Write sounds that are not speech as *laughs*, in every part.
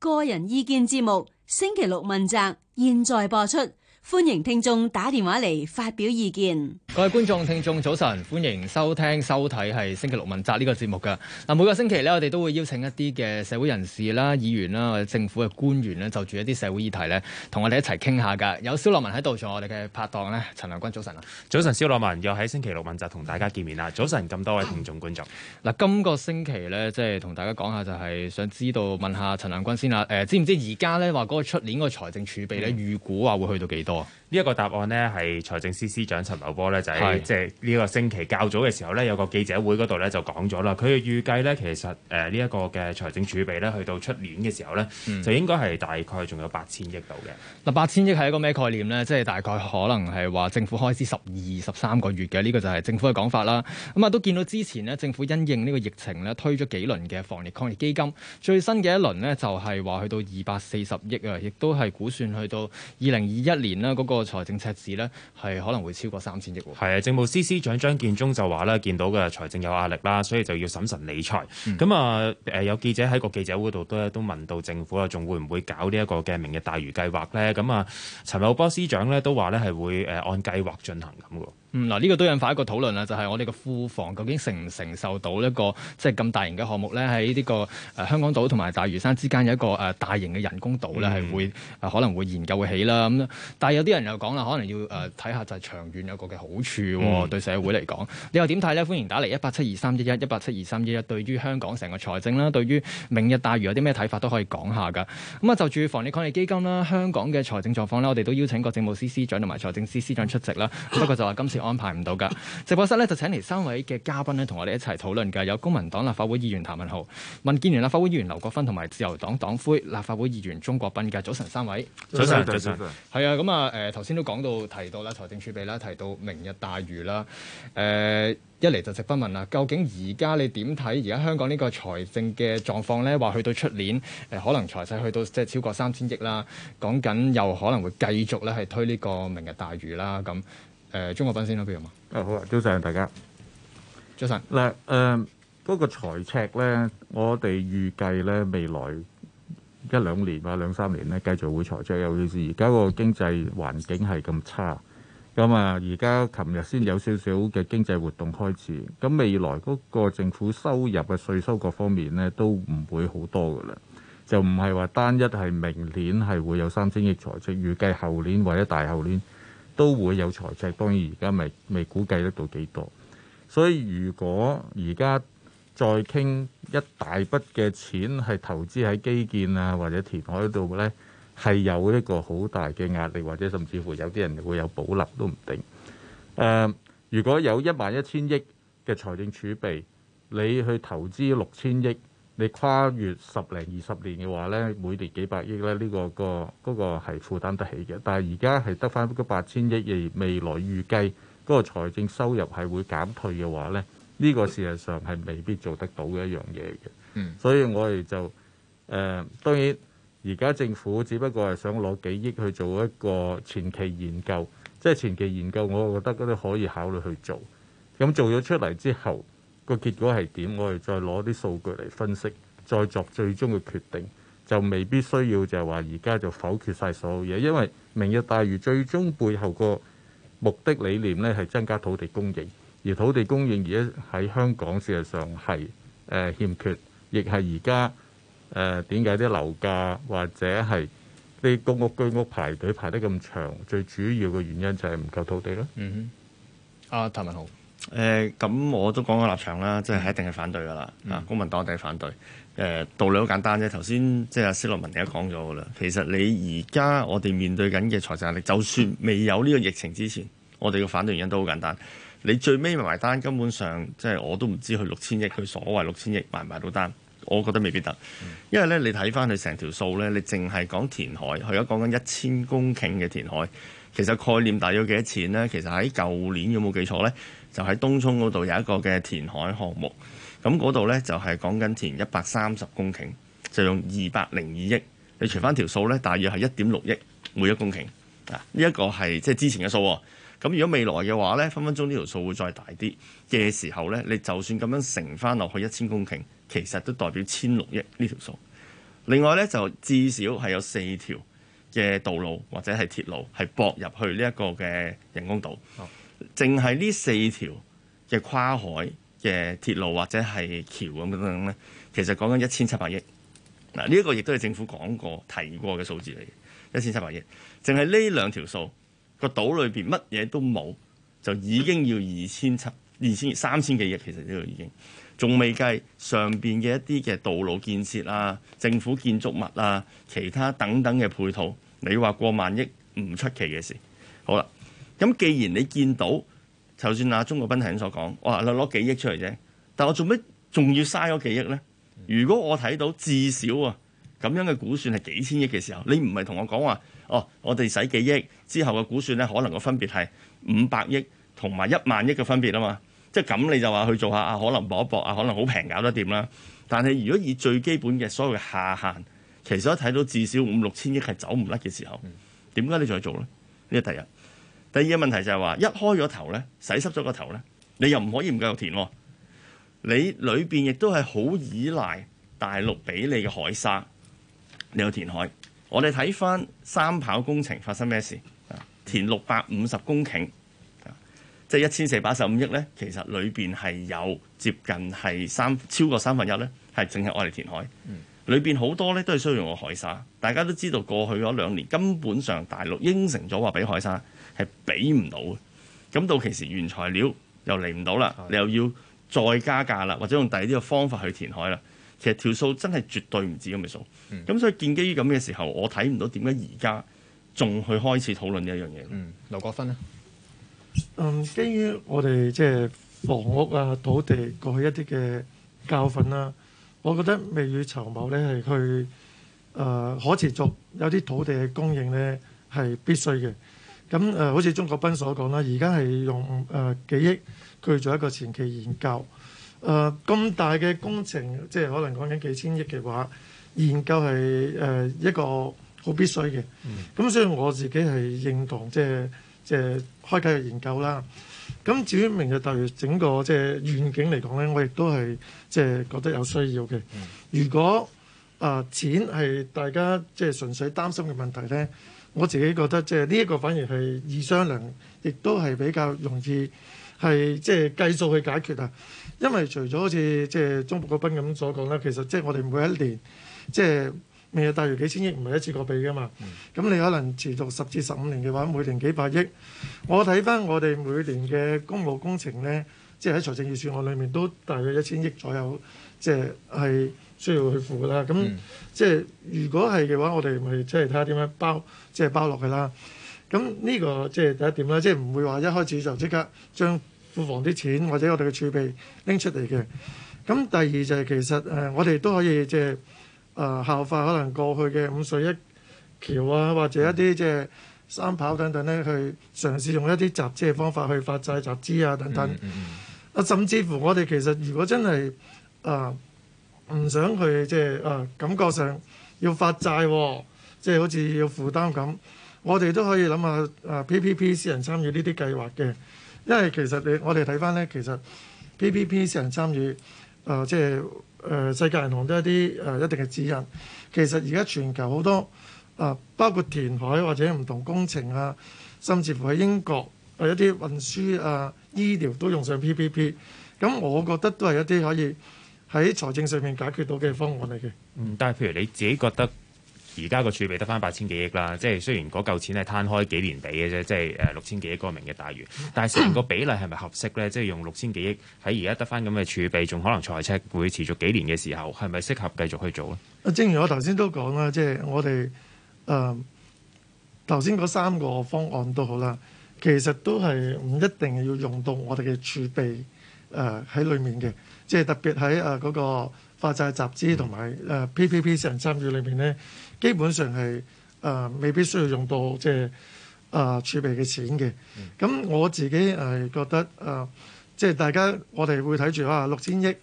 個人意見節目，星期六問責，現在播出。歡迎聽眾打電話嚟發表意見。各位觀眾、聽眾，早晨，歡迎收聽、收睇係星期六問責呢個節目㗎。嗱，每個星期咧，我哋都會邀請一啲嘅社會人士啦、議員啦、或者政府嘅官員咧，就住一啲社會議題咧，同我哋一齊傾下噶。有蕭樂文喺度做我哋嘅拍檔咧，陳良君早晨啊。早晨，蕭樂文又喺星期六問責同大家見面啦，早晨，咁多位聽眾觀眾。嗱、啊，今個星期咧，即係同大家講下就係，想知道問下陳良君先啦。誒、呃，知唔知而家咧話嗰個出年嗰個財政儲備咧，預估啊、mm. 會去到幾多？呢一、哦、個答案呢，係財政司司長陳茂波呢，就喺即係呢個星期較早嘅時候呢，有個記者會嗰度呢，就講咗啦。佢嘅預計呢，其實誒呢一個嘅財政儲備呢，去到出年嘅時候呢，嗯、就應該係大概仲有八千億度嘅。嗱，八千億係一個咩概念呢？即、就、係、是、大概可能係話政府開支十二十三個月嘅呢、呢個就係政府嘅講法啦。咁、嗯、啊都見到之前呢，政府因應呢個疫情呢，推咗幾輪嘅防疫抗疫基金，最新嘅一輪呢，就係、是、話去到二百四十億啊，亦都係估算去到二零二一年呢。嗰個財政赤字咧，係可能會超過三千億。係啊，政務司司長張建宗就話咧，見到嘅財政有壓力啦，所以就要審慎理財。咁啊、嗯，誒、呃、有記者喺個記者會度都都問到政府啊，仲會唔會搞呢一個嘅明日大嶼計劃咧？咁啊、呃，陳茂波司長咧都話咧係會誒按計劃進行咁喎。嗯，嗱，呢個都引發一個討論啦，就係、是、我哋個庫房究竟承唔承受到一個即係咁大型嘅項目咧？喺呢、這個誒、呃、香港島同埋大嶼山之間有一個誒、呃、大型嘅人工島咧，係會、呃、可能會研究會起啦。咁、嗯，但係有啲人又講啦，可能要誒睇下就係長遠有個嘅好處、哦嗯、對社會嚟講，你又點睇咧？歡迎打嚟一八七二三一一一八七二三一一，對於香港成個財政啦，對於明日大嶼有啲咩睇法都可以講下噶。咁、嗯、啊，就住防疫抗疫基金啦，香港嘅財政狀況啦，我哋都邀請個政務司司長同埋財政司司長出席啦。不過就話今安排唔到噶，直播室呢，就請嚟三位嘅嘉賓呢，同我哋一齊討論嘅有公民黨立法會議員譚文豪、民建聯立法會議員劉國勳同埋自由黨黨魁立法會議員鍾國斌嘅。早晨，三位早晨，早晨，早晨，係晨晨啊。咁、呃、啊，誒，頭先都講到提到啦，財政儲備啦，提到明日大嶼啦。誒、呃，一嚟就直不問啦，究竟而家你點睇而家香港呢個財政嘅狀況呢？話去到出年誒、呃，可能財勢去到即係超過三千億啦。講緊又可能會繼續咧係推呢個明日大嶼啦。咁。誒、呃，中國賓先啦，佢啊嘛好啊，早晨大家早晨。嗱誒，嗰、呃嗰個財赤咧，我哋預計咧未來一兩年或兩三年咧繼續會財赤，尤其是而家個經濟環境係咁差咁啊。而家琴日先有少少嘅經濟活動開始，咁未來嗰個政府收入嘅稅收各方面咧都唔會好多噶啦，就唔係話單一係明年係會有三千億財赤，預計後年或者大後年。都會有財政，當然而家未未估計得到幾多，所以如果而家再傾一大筆嘅錢係投資喺基建啊或者填海度呢，係有一個好大嘅壓力，或者甚至乎有啲人會有保留都唔定。誒、呃，如果有一萬一千億嘅財政儲備，你去投資六千億。你跨越十零二十年嘅話呢，呢每年幾百億呢，呢、呢個、嗰個嗰、嗰個係負擔得起嘅。但係而家係得翻嗰八千億，而未來預計嗰個財政收入係會減退嘅話呢，呢、呢、呢個事實上係未必做得到嘅一樣嘢。嘅所以我哋就誒、呃、當然而家政府只不過係想攞幾億去做一個前期研究，即、就、係、係、前期研究，我覺得嗰啲可以考慮去做。咁做咗出嚟之後。個結果係點？我哋再攞啲數據嚟分析，再作最終嘅決定，就未必需要就係話而家就否決晒所有嘢，因為明日大嶼最終背後個目的理念呢係增加土地供應，而土地供應而家喺香港事實上係、呃、欠缺，亦係而家誒點解啲樓價或者係啲公屋居屋排隊排得咁長？最主要嘅原因就係唔夠土地咯。嗯哼，阿、啊、譚文豪。誒咁，呃、我都講個立場啦，即係一定係反對噶啦。啊、嗯，公民黨一定係反對誒、呃、道理好簡單啫。頭先即係阿斯洛文而家講咗噶啦。其實你而家我哋面對緊嘅財政壓力，就算未有呢個疫情之前，我哋嘅反對原因都好簡單。你最尾埋單，根本上即係我都唔知佢六千億，佢所謂六千億埋唔埋到單，我覺得未必得，因為咧你睇翻佢成條數咧，你淨係講填海，佢而家講緊一千公頃嘅填海，其實概念大約幾多錢咧？其實喺舊年有冇記錯咧？就喺東涌嗰度有一個嘅填海項目，咁嗰度呢，就係講緊填一百三十公頃，就用二百零二億。你除翻條數呢，大約係一點六億每一公頃。呢一個係即係之前嘅數。咁如果未來嘅話呢，分分鐘呢條數會再大啲嘅時候呢，你就算咁樣乘翻落去一千公頃，其實都代表千六億呢條數。另外呢，就至少係有四條嘅道路或者係鐵路係駁入去呢一個嘅人工島。嗯淨係呢四條嘅跨海嘅鐵路或者係橋咁樣咧，其實講緊一千七百億。嗱，呢一個亦都係政府講過提過嘅數字嚟嘅。一千七百億。淨係呢兩條數個島裏邊乜嘢都冇，就已經要二千七、二千、三千幾億，其實呢度已經，仲未計上邊嘅一啲嘅道路建設啊、政府建築物啊、其他等等嘅配套。你話過萬億唔出奇嘅事，好啦。咁既然你見到，就算阿鍾國斌頭先所講，哇，攞幾億出嚟啫。但我做咩仲要嘥咗幾億咧？如果我睇到至少啊咁樣嘅估算係幾千億嘅時候，你唔係同我講話哦，我哋使幾億之後嘅估算咧，可能個分別係五百億同埋一萬億嘅分別啊嘛。即係咁你就話去做下啊，可能搏一搏啊，可能好平搞得掂啦。但係如果以最基本嘅所謂下限，其實我睇到至少五六千億係走唔甩嘅時候，點解你仲再做咧？呢個第一。第二個問題就係、是、話，一開咗頭呢，洗濕咗個頭呢，你又唔可以唔繼續填。你裏邊亦都係好依賴大陸俾你嘅海沙，你要填海。我哋睇翻三跑工程發生咩事？填六百五十公頃，即係一千四百十五億呢，其實裏邊係有接近係三超過三分一呢，係淨係我哋填海。裏邊好多呢都係需要用個海沙。大家都知道過去嗰兩年根本上大陸應承咗話俾海沙。係俾唔到嘅，咁到其時原材料又嚟唔到啦，是的 你又要再加價啦，或者用第二啲嘅方法去填海啦。其實條數真係絕對唔止咁嘅數。咁、嗯、所以建基於咁嘅時候，我睇唔到點解而家仲去開始討論呢一樣嘢。嗯，劉國勳呢？嗯，基於我哋即係房屋啊、土地過去一啲嘅教訓啦、啊，我覺得未雨綢繆咧係去誒、呃、可持續有啲土地嘅供應咧係必須嘅。咁誒，好似鍾國斌所講啦，而家係用誒、呃、幾億去做一個前期研究，誒、呃、咁大嘅工程，即係可能講緊幾千億嘅話，研究係誒、呃、一個好必須嘅。咁、嗯、所以我自己係認同，即係即係開啓嘅研究啦。咁至於明日大嶼整個即係願景嚟講咧，我亦都係即係覺得有需要嘅。如果啊、呃、錢係大家即係純粹擔心嘅問題咧。我自己覺得即係呢一個反而係易商量，亦都係比較容易係即係計數去解決啊。因為除咗好似即係鍾國斌咁所講啦，其實即係我哋每一年即係咪有大約幾千億，唔係一次過俾噶嘛。咁、嗯、你可能持續十至十五年嘅話，每年幾百億。我睇翻我哋每年嘅公務工程呢，即係喺財政預算案裡面都大約一千億左右，即係係。需要去付啦，咁、嗯、即係如果係嘅話，我哋咪即係睇下點樣包，即係包落去啦。咁呢個即係第一點啦，即係唔會話一開始就即刻將庫房啲錢或者我哋嘅儲備拎出嚟嘅。咁第二就係其實誒、呃，我哋都可以即係誒效法可能過去嘅五隧一橋啊，或者一啲即係三跑等等咧，去嘗試用一啲集資嘅方法去發債集資啊等等。啊、嗯，嗯嗯、甚至乎我哋其實如果真係誒。呃唔想去即係啊，感覺上要發債，即係，哦，即係好似要負擔咁。我哋都可以諗下啊，PPP 私人參與呢啲計劃嘅，因為其實你我哋睇翻咧，其實 PPP 私人參與啊，即係誒世界銀行都係一啲誒一定嘅指引。其實而家全球好多啊、呃，包括填海或者唔同工程啊，甚至乎喺英國啊一啲運輸啊、醫療都用上 PPP。咁我覺得都係一啲可以。喺財政上面解決到嘅方案嚟嘅。嗯、就是呃呃呃，但係譬如你自己覺得而家個儲備得返八千幾億啦，即係雖然嗰嚿錢係攤開幾年俾嘅啫，即係誒六千幾億個名嘅大嶼，但係成個比例係咪合適咧？即係用六千幾億喺而家得返咁嘅儲備，仲可能財赤會持續幾年嘅時候，係咪適合繼續去做咧？正如我頭先都講啦，即係我哋誒頭先嗰三個方案都好啦，其實都係唔一定要用到我哋嘅儲備誒喺、呃、裡面嘅。即係特別喺誒嗰個發債集資同埋誒 PPP 私人參與裏面咧，基本上係誒、啊、未必需要用到即係誒、啊、儲備嘅錢嘅。咁我自己係覺得誒、啊，即係大家我哋會睇住哇六千億誒呢、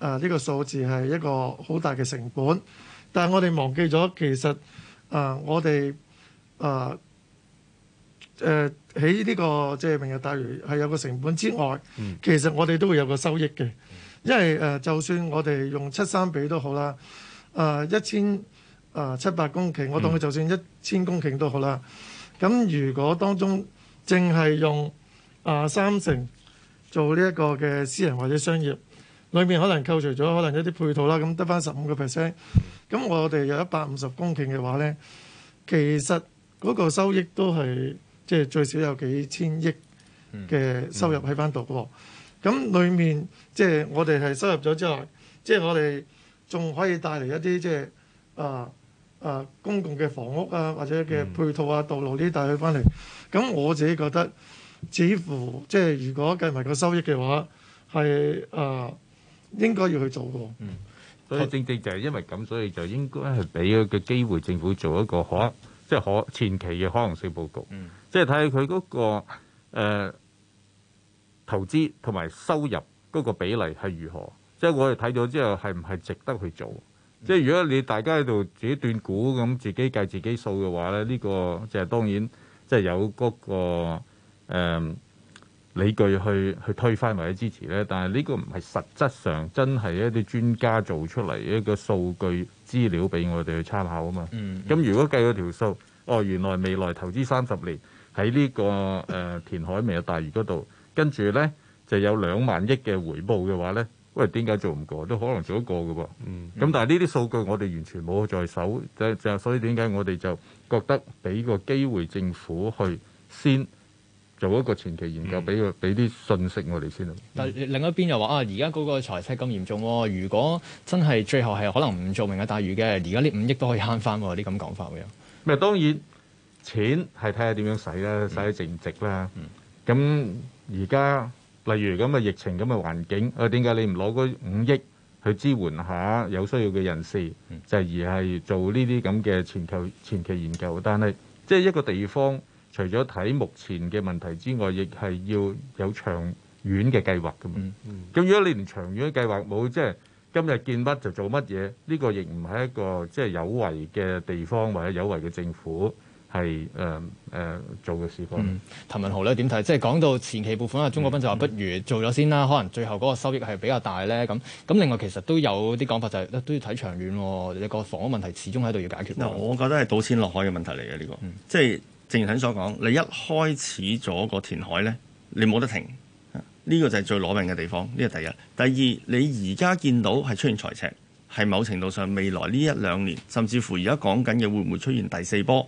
啊這個數字係一個好大嘅成本，但係我哋忘記咗其實誒、啊、我哋誒誒喺呢個即係明日大嶼係有個成本之外，mm. 其實我哋都會有個收益嘅。因為誒、呃，就算我哋用七三比都好啦，誒、呃、一千誒、呃、七百公頃，我當佢就算一千公頃都好啦。咁如果當中淨係用誒、呃、三成做呢一個嘅私人或者商業，裏面可能扣除咗可能一啲配套啦，咁得翻十五個 percent。咁我哋有一百五十公頃嘅話咧，其實嗰個收益都係即係最少有幾千億嘅收入喺翻度喎。咁裏面即係、就是、我哋係收入咗之後，即、就、係、是、我哋仲可以帶嚟一啲即係啊啊公共嘅房屋啊或者嘅配套啊道路呢啲帶佢翻嚟。咁、嗯、我自己覺得，似乎即係、就是、如果計埋個收益嘅話，係啊應該要去做嘅。嗯，所以正正就係因為咁，所以就應該係俾個機會政府做一個可即係、就是、可前期嘅可能性佈局。嗯，即係睇下佢嗰個、呃投資同埋收入嗰個比例係如何？即係我哋睇咗之後係唔係值得去做？即係如果你大家喺度自己斷估，咁，自己計自己數嘅話咧，呢、這個即係當然即係有嗰、嗰個、嗯、理據去去推翻或者支持咧。但係呢個唔係實質上真係一啲專家做出嚟一個數據資料俾我哋去參考啊嘛。咁、嗯嗯、如果計咗條數哦，原來未來投資三十年喺呢、這個誒填、呃、海未有大嶼嗰度。跟住咧，就有兩萬億嘅回報嘅話咧，喂，點解做唔過都可能做得過嘅噃？嗯，咁、嗯、但係呢啲數據我哋完全冇在手，就就所以點解我哋就覺得俾個機會政府去先做一個前期研究，俾、嗯、個俾啲信息我哋先、嗯、但係另一邊又話啊，而家嗰個財赤咁嚴重喎，如果真係最後係可能唔做明日大嶼嘅，而家呢五億都可以慳翻喎。啲咁講法嘅，咪、嗯、當然錢係睇下點樣使啦，使得值唔值啦，咁。而家例如咁嘅疫情咁嘅環境，啊，點解你唔攞嗰五億去支援下有需要嘅人士？就、嗯、而係做呢啲咁嘅全球前期研究。但係即係一個地方，除咗睇目前嘅問題之外，亦係要有長遠嘅計劃㗎嘛。咁、嗯嗯、如果你唔長遠嘅計劃冇，即係、就是、今日見乜就做乜嘢，呢、這個亦唔係一個即係、就是、有為嘅地方或者有為嘅政府。係誒誒做嘅事咯。譚、嗯、文豪咧點睇？即係講到前期部分啊，鍾國斌就話不如做咗先啦。嗯、可能最後嗰個收益係比較大咧。咁咁，另外其實都有啲講法、就是，就係都要睇長遠、哦。你個房屋問題始終喺度要解決、呃。我覺得係倒錢落海嘅問題嚟嘅呢個，嗯、即係正如你所講，你一開始咗個填海咧，你冇得停呢、這個就係最攞命嘅地方。呢個第一，第二，你而家見到係出現財赤，係某程度上未來呢一兩年，甚至乎而家講緊嘅會唔會出現第四波？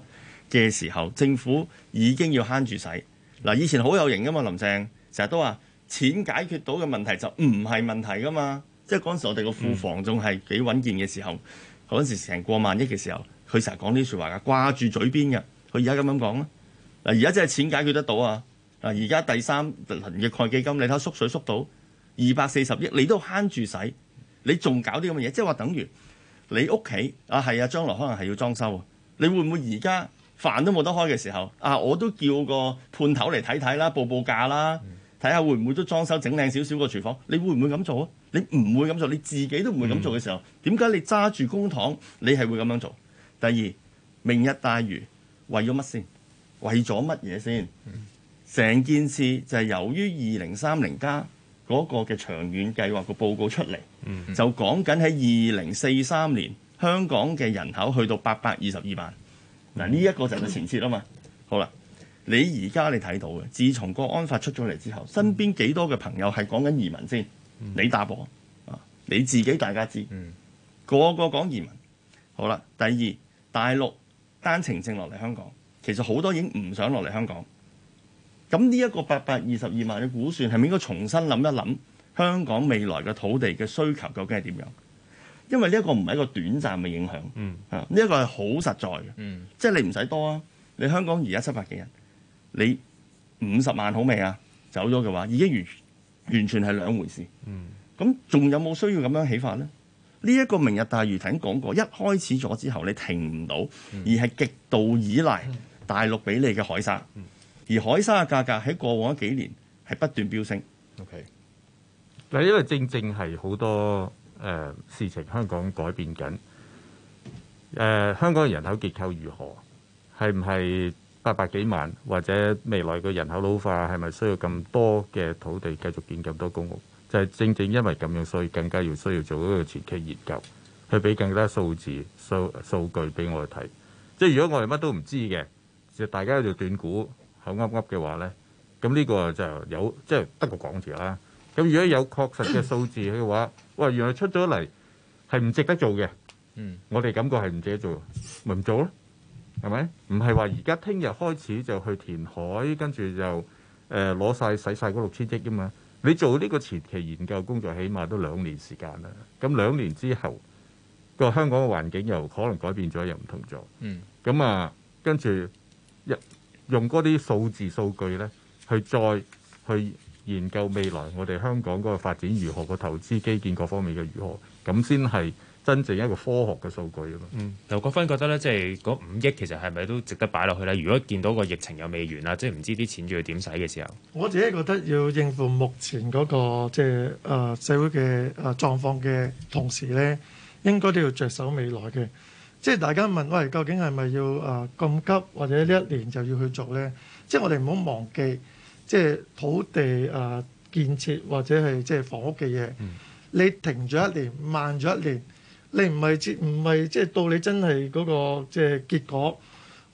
嘅時候，政府已經要慳住使嗱。以前好有型噶嘛，林鄭成日都話錢解決到嘅問題就唔係問題噶嘛。即係嗰陣時，我哋個庫房仲係幾穩健嘅時候，嗰陣、嗯、時成個萬億嘅時候，佢成日講呢啲説話嘅，掛住嘴邊嘅。佢而家咁樣講啦嗱，而家真係錢解決得到啊嗱。而家第三輪嘅概基金，你睇下縮水縮到二百四十億，你都慳住使，你仲搞啲咁嘅嘢，即係話等於你屋企啊係啊，將來可能係要裝修啊，你會唔會而家？飯都冇得開嘅時候，啊，我都叫個判頭嚟睇睇啦，報報價啦，睇下會唔會都裝修整靚少少個廚房。你會唔會咁做啊？你唔會咁做，你自己都唔會咁做嘅時候，點解你揸住公帑，你係會咁樣做？第二，明日大嶼為咗乜先？為咗乜嘢先？成件事就係由於二零三零加嗰個嘅長遠計劃個報告出嚟，就講緊喺二零四三年香港嘅人口去到八百二十二萬。嗱，呢一個就係前設啊嘛。好啦，你而家你睇到嘅，自從國安法出咗嚟之後，身邊幾多嘅朋友係講緊移民先，你答我啊，你自己大家知，個個講移民。好啦，第二大陸單程證落嚟香港，其實好多已經唔想落嚟香港。咁呢一個八百二十二萬嘅估算，係咪應該重新諗一諗香港未來嘅土地嘅需求究竟係點樣？因為呢一個唔係一個短暫嘅影響，啊、嗯，呢一個係好實在嘅，嗯、即係你唔使多啊！你香港而家七百幾人，你五十萬好未啊？走咗嘅話，已經完完全係兩回事。咁仲有冇需要咁樣起法咧？呢、這、一個明日大嶼艇講過，一開始咗之後，你停唔到，而係極度依賴大陸俾你嘅海沙。而海沙嘅價格喺過往幾年係不斷飆升。O K，嗱，因、okay、為正正係好多。誒、呃、事情香港改變緊，誒、呃、香港嘅人口結構如何？係唔係八百幾萬？或者未來嘅人口老化係咪需要咁多嘅土地繼續建咁多公屋？就係、是、正正因為咁樣，所以更加要需要做一個前期研究，去俾更多數字數數據俾我哋睇。即係如果我哋乜都唔知嘅，其實大家喺度斷估口噏噏嘅話呢，咁呢個就有即係得個講字啦。咁如果有確實嘅數字嘅話， *coughs* 喂，原來出咗嚟係唔值得做嘅，嗯，我哋感覺係唔值得做，咪唔做咯，係咪？唔係話而家聽日開始就去填海，跟住就誒攞曬使曬嗰六千億㗎嘛。你做呢個前期研究工作，起碼都兩年時間啦。咁兩年之後，個香港嘅環境又可能改變咗，又唔同咗。嗯，咁啊，跟住用用嗰啲數字數據咧，去再去。研究未來，我哋香港嗰個發展如何，個投資基建各方面嘅如何，咁先係真正一個科學嘅數據啊嘛。嗯，劉國勳覺得咧，即係嗰五億其實係咪都值得擺落去咧？如果見到個疫情又未完啦，即係唔知啲錢要去點使嘅時候，我自己覺得要應付目前嗰個即係誒社會嘅誒狀況嘅同時咧，應該都要着手未來嘅。即係大家問喂，究竟係咪要誒咁急，或者呢一年就要去做咧？即係我哋唔好忘記。即係土地啊，建設或者係即係房屋嘅嘢，mm. 你停咗一年，慢咗一年，你唔係唔係即係到你真係嗰個即係結果，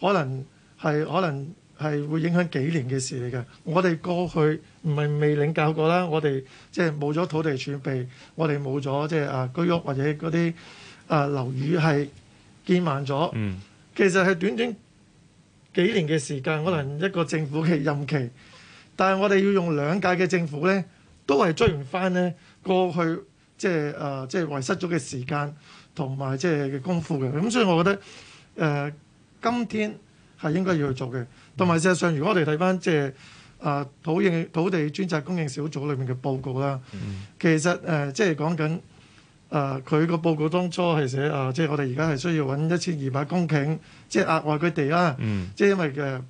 可能係可能係會影響幾年嘅事嚟嘅。我哋過去唔係未領教過啦，我哋即係冇咗土地儲備，我哋冇咗即係啊居屋或者嗰啲啊樓宇係建慢咗。Mm. 其實係短短幾年嘅時間，可能一個政府嘅任期。但係我哋要用兩屆嘅政府咧，都係追唔翻咧過去即係誒、呃、即係遺失咗嘅時間同埋即係嘅功夫嘅。咁、嗯、所以我覺得誒、呃，今天係應該要去做嘅。同埋事實上，如果我哋睇翻即係啊土應土地專責供應小組裏面嘅報告啦，嗯、其實誒、呃、即係講緊誒佢個報告當初係寫、呃、1, 啊，即係我哋而家係需要揾一千二百公頃即係額外佢哋啦，即係因為嘅。呃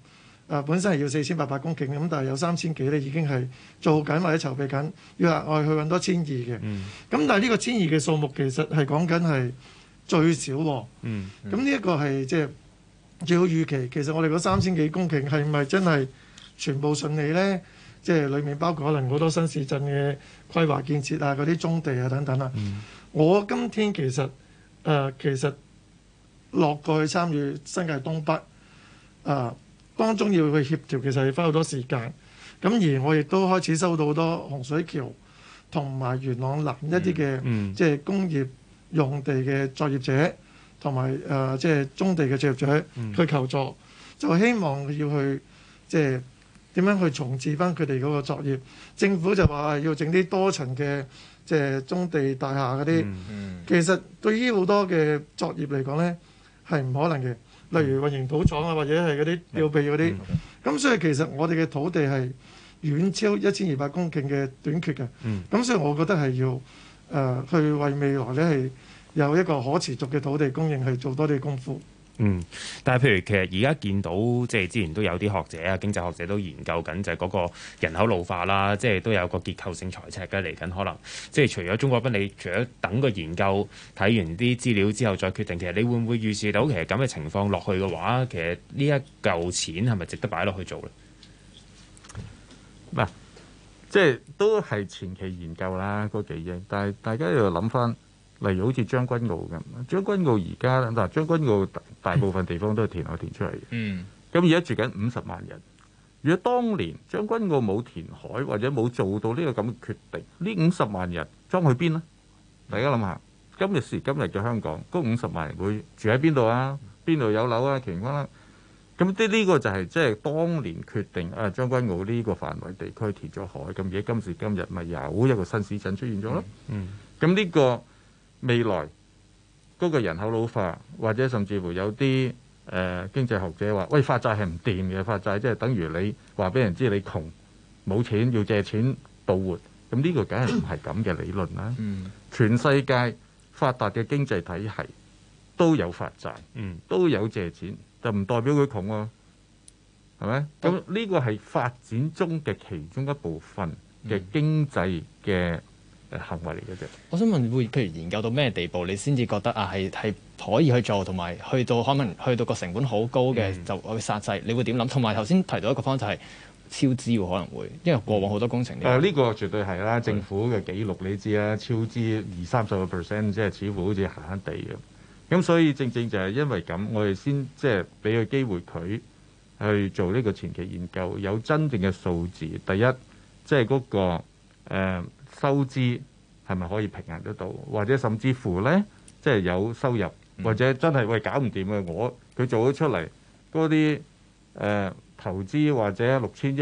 本身係要四千八百公頃咁，但係有三千幾咧，已經係做緊或者籌備緊。要額外去揾多千二嘅。咁但係呢個千二嘅數目其實係講緊係最少喎。咁呢一個係即係最好預期。其實我哋嗰三千幾公頃係咪真係全部順利呢？即係裡面包括可能好多新市鎮嘅規劃建設啊、嗰啲棕地啊等等啊。嗯、我今天其實誒、呃、其實落過去參與新界東北啊。呃當中要去協調，其實要花好多時間。咁而我亦都開始收到好多洪水橋同埋元朗南一啲嘅，mm hmm. 即係工業用地嘅作業者，同埋誒即係棕地嘅作業者、mm hmm. 去求助，就希望要去即係點樣去重置翻佢哋嗰個作業。政府就話要整啲多層嘅即係棕地大廈嗰啲，mm hmm. 其實對於好多嘅作業嚟講呢，係唔可能嘅。例如運營土廠啊，或者係嗰啲吊臂嗰啲，咁所以其實我哋嘅土地係遠超一千二百公頃嘅短缺嘅，咁、嗯嗯、所以我覺得係要誒、呃、去為未來咧係有一個可持續嘅土地供應係做多啲功夫。嗯，但係譬如其實而家見到，即係之前都有啲學者啊，經濟學者都研究緊，就係嗰個人口老化啦，即係都有個結構性財赤嘅嚟緊，可能即係除咗中國賓，你除咗等個研究睇完啲資料之後再決定，其實你會唔會預示到其實咁嘅情況落去嘅話，其實呢一嚿錢係咪值得擺落去做呢？唔、啊、即係都係前期研究啦，個幾億，但係大家又諗翻。例如好似將軍澳咁，將軍澳而家嗱，將軍澳大部分地方都係填海填出嚟嘅。嗯。咁而家住緊五十萬人。如果當年將軍澳冇填海或者冇做到呢個咁嘅決定，呢五十萬人裝去邊呢？大家諗下，今日時今日嘅香港嗰五十萬人會住喺邊度啊？邊度有樓啊？乾坤啦。咁啲呢個就係即係當年決定啊，將軍澳呢個範圍地區填咗海，咁而家今時今日咪有一個新市鎮出現咗咯。嗯。咁呢個。未來嗰、那個人口老化，或者甚至乎有啲誒、呃、經濟學者話：喂，發債係唔掂嘅。發債即係等於你話俾人知你窮，冇錢要借錢度活，咁呢個梗係唔係咁嘅理論啦、啊？嗯、全世界發達嘅經濟體系都有發債，嗯、都有借錢，就唔代表佢窮喎、啊，係咪？咁呢個係發展中嘅其中一部分嘅經濟嘅行為嚟嘅啫。我想問，會譬如研究到咩地步，你先至覺得啊，係係可以去做，同埋去到可能去到個成本好高嘅，嗯、就去煞掣。你會點諗？同埋頭先提到一個方法、就係，就係超支可能會，因為過往好多工程。呢、嗯、個絕對係啦。嗯、政府嘅紀錄你知啦，超支二三十個 percent，即係似乎好似閒閒地咁。咁所以正正就係因為咁，我哋先即係俾個機會佢去做呢個前期研究，有真正嘅數字。第一，即係嗰、那個、呃收支係咪可以平衡得到？或者甚至乎呢？即係有收入，或者真係喂搞唔掂嘅，我佢做咗出嚟嗰啲誒投資或者六千億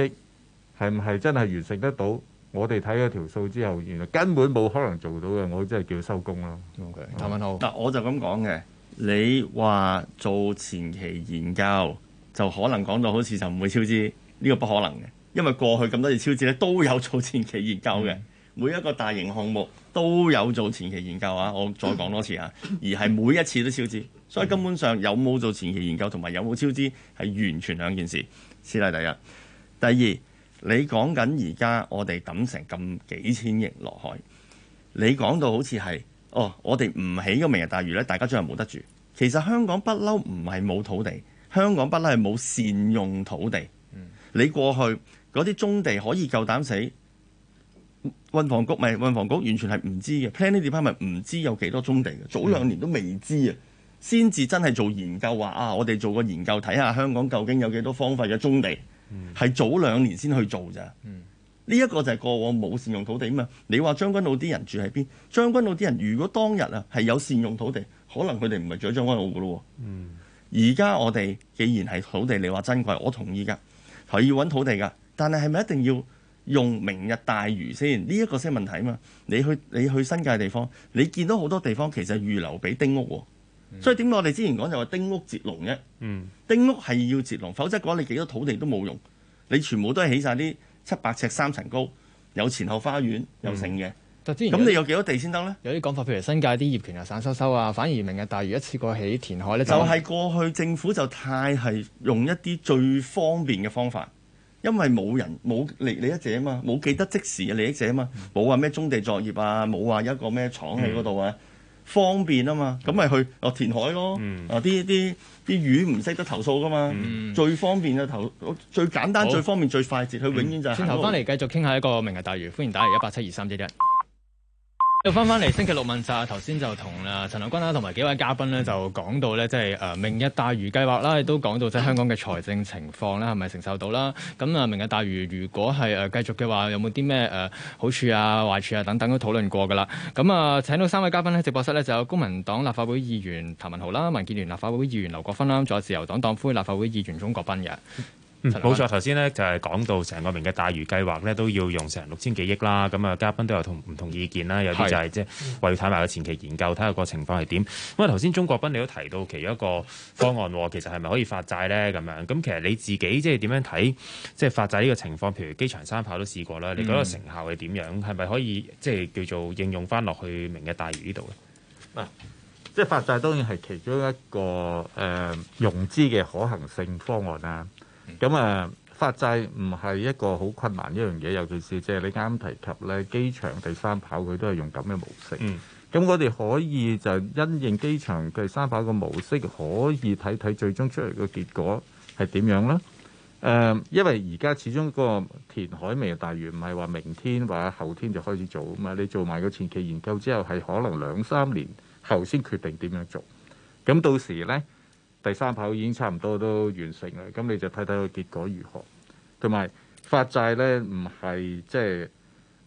係唔係真係完成得到？我哋睇咗條數之後，原來根本冇可能做到嘅，我真係叫收工咯。OK，文豪嗱，我就咁講嘅。你話做前期研究就可能講到好似就唔會超支呢個不可能嘅，因為過去咁多次超支咧都有做前期研究嘅。嗯每一個大型項目都有做前期研究啊！我再講多次啊，而係每一次都超支，所以根本上有冇做前期研究同埋有冇超支係完全兩件事。先例第一，第二，你講緊而家我哋抌成咁幾千億落海，你講到好似係哦，我哋唔起個明日大嶼呢，大家將來冇得住。其實香港不嬲唔係冇土地，香港不嬲係冇善用土地。你過去嗰啲棕地可以夠膽死。運房局咪運房局完全係唔知嘅，Planning Department 唔知有幾多棕地嘅，早兩年都未知啊，先至真係做研究話啊，我哋做個研究睇下香港究竟有幾多荒廢嘅棕地，係、嗯、早兩年先去做咋？呢一、嗯、個就係過往冇善用土地啊嘛。你話將軍澳啲人住喺邊？將軍澳啲人如果當日啊係有善用土地，可能佢哋唔係住喺將軍澳噶咯。嗯，而家我哋既然係土地你話珍貴，我同意噶，係要揾土地噶，但係係咪一定要？用明日大嶼先，呢、這、一個先問題啊嘛！你去你去新界地方，你見到好多地方其實預留俾丁屋喎，嗯、所以點解我哋之前講就話丁屋接龍嘅？嗯、丁屋係要接龍，否則嘅話你幾多土地都冇用，你全部都係起晒啲七百尺三層高，有前後花園、嗯、有剩嘅。咁你有幾多地先得呢？有啲講法，譬如新界啲業權又散收收啊，反而明日大嶼一次過起填海咧，就係過去政府就太係用一啲最方便嘅方法。因為冇人冇利利益者啊嘛，冇記得即時嘅利益者啊嘛，冇話咩棕地作業啊，冇話一個咩廠喺嗰度啊，嗯、方便啊嘛，咁咪去哦填海咯，嗯、啊啲啲啲魚唔識得投訴㗎嘛，嗯、最方便嘅投最簡單、好最方便、最快捷，佢永遠就係轉、嗯嗯、頭翻嚟繼續傾下一個明日大嶼，歡迎打嚟一八七二三一一。又翻翻嚟星期六問責，頭先就同啊陳良君啦，同埋幾位嘉賓呢，就講到呢，即係誒明日大嶼計劃啦，亦都講到即係香港嘅財政情況啦，係咪承受到啦？咁啊，明日大嶼如果係誒繼續嘅話，有冇啲咩誒好處啊、壞處啊等等都討論過噶啦？咁啊，請到三位嘉賓咧，直播室呢，就有公民黨立法會議員譚文豪啦，民建聯立法會議員劉國勳啦，仲有自由黨黨魁立法會議員鍾國斌嘅。冇、嗯、錯，頭先咧就係、是、講到成個明日大嶼計劃咧，都要用成六千幾億啦。咁、嗯、啊，嘉賓都有同唔同意見啦。有啲就係即係話要睇埋個前期研究，睇下個情況係點。咁啊，頭先鍾國斌你都提到其中一個方案，其實係咪可以發債咧？咁樣咁其實你自己即係點樣睇即係發債呢個情況？譬如機場三跑都試過啦，你覺得成效係點樣？係咪、嗯、可以即係、就是、叫做應用翻落去明日大嶼呢度咧、嗯？即係發債當然係其中一個誒融、呃、資嘅可行性方案啦、啊。咁啊，法制唔係一個好困難一樣嘢，尤其是即係你啱提及咧，機場第三跑佢都係用咁嘅模式。咁、嗯、我哋可以就因應機場第三跑個模式，可以睇睇最終出嚟個結果係點樣啦。誒、啊，因為而家始終個填海未大完，唔係話明天或者後天就開始做啊嘛。你做埋個前期研究之後，係可能兩三年後先決定點樣做。咁到時咧。第三跑已經差唔多都完成啦，咁你就睇睇個結果如何。同埋發債呢，唔係即係、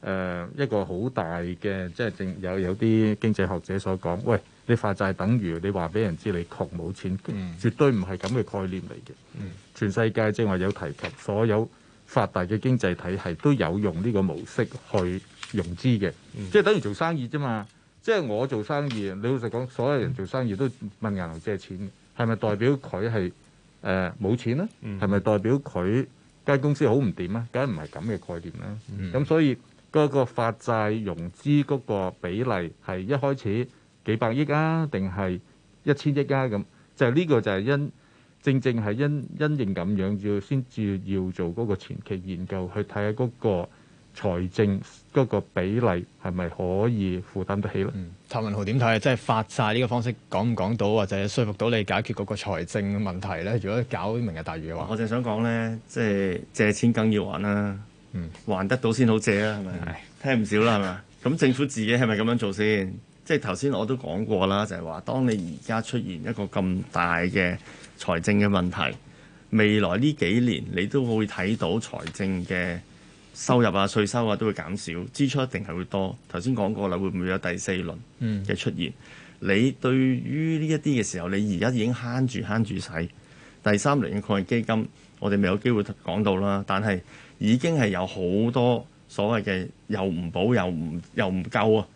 呃、一個好大嘅，即係正有有啲經濟學者所講，喂，你發債等於你話俾人知你窮冇錢，嗯、絕對唔係咁嘅概念嚟嘅。嗯、全世界正話有提及，所有發達嘅經濟體系都有用呢個模式去融資嘅，嗯、即係等於做生意啫嘛。即係我做生意，你老實講，所有人做生意都問銀行借錢。係咪代表佢係誒冇錢咧？係咪代表佢間公司好唔掂啊？梗係唔係咁嘅概念啦。咁、嗯、所以嗰個發債融資嗰個比例係一開始幾百億啊，定係一千億啊？咁就呢、係、個就係因正正係因因應咁樣要先至要做嗰個前期研究去睇下嗰個。財政嗰個比例係咪可以負擔得起？嗯，譚文豪點睇啊？即係發債呢個方式講唔講到，或者說服到你解決嗰個財政嘅問題呢？如果搞明日大嶼嘅話，我就想講呢，即係借錢更要還啦、啊。嗯，還得到先好借啊，係咪？係是，聽唔少啦，係咪？咁政府自己係咪咁樣做先？即係頭先我都講過啦，就係話，當你而家出現一個咁大嘅財政嘅問題，未來呢幾年你都會睇到財政嘅。收入啊、稅收啊都會減少，支出一定係會多。頭先講過啦，會唔會有第四輪嘅出現？嗯、你對於呢一啲嘅時候，你而家已經慳住慳住使。第三輪嘅抗疫基金，我哋未有機會講到啦，但係已經係有好多所謂嘅又唔保又唔又唔夠啊，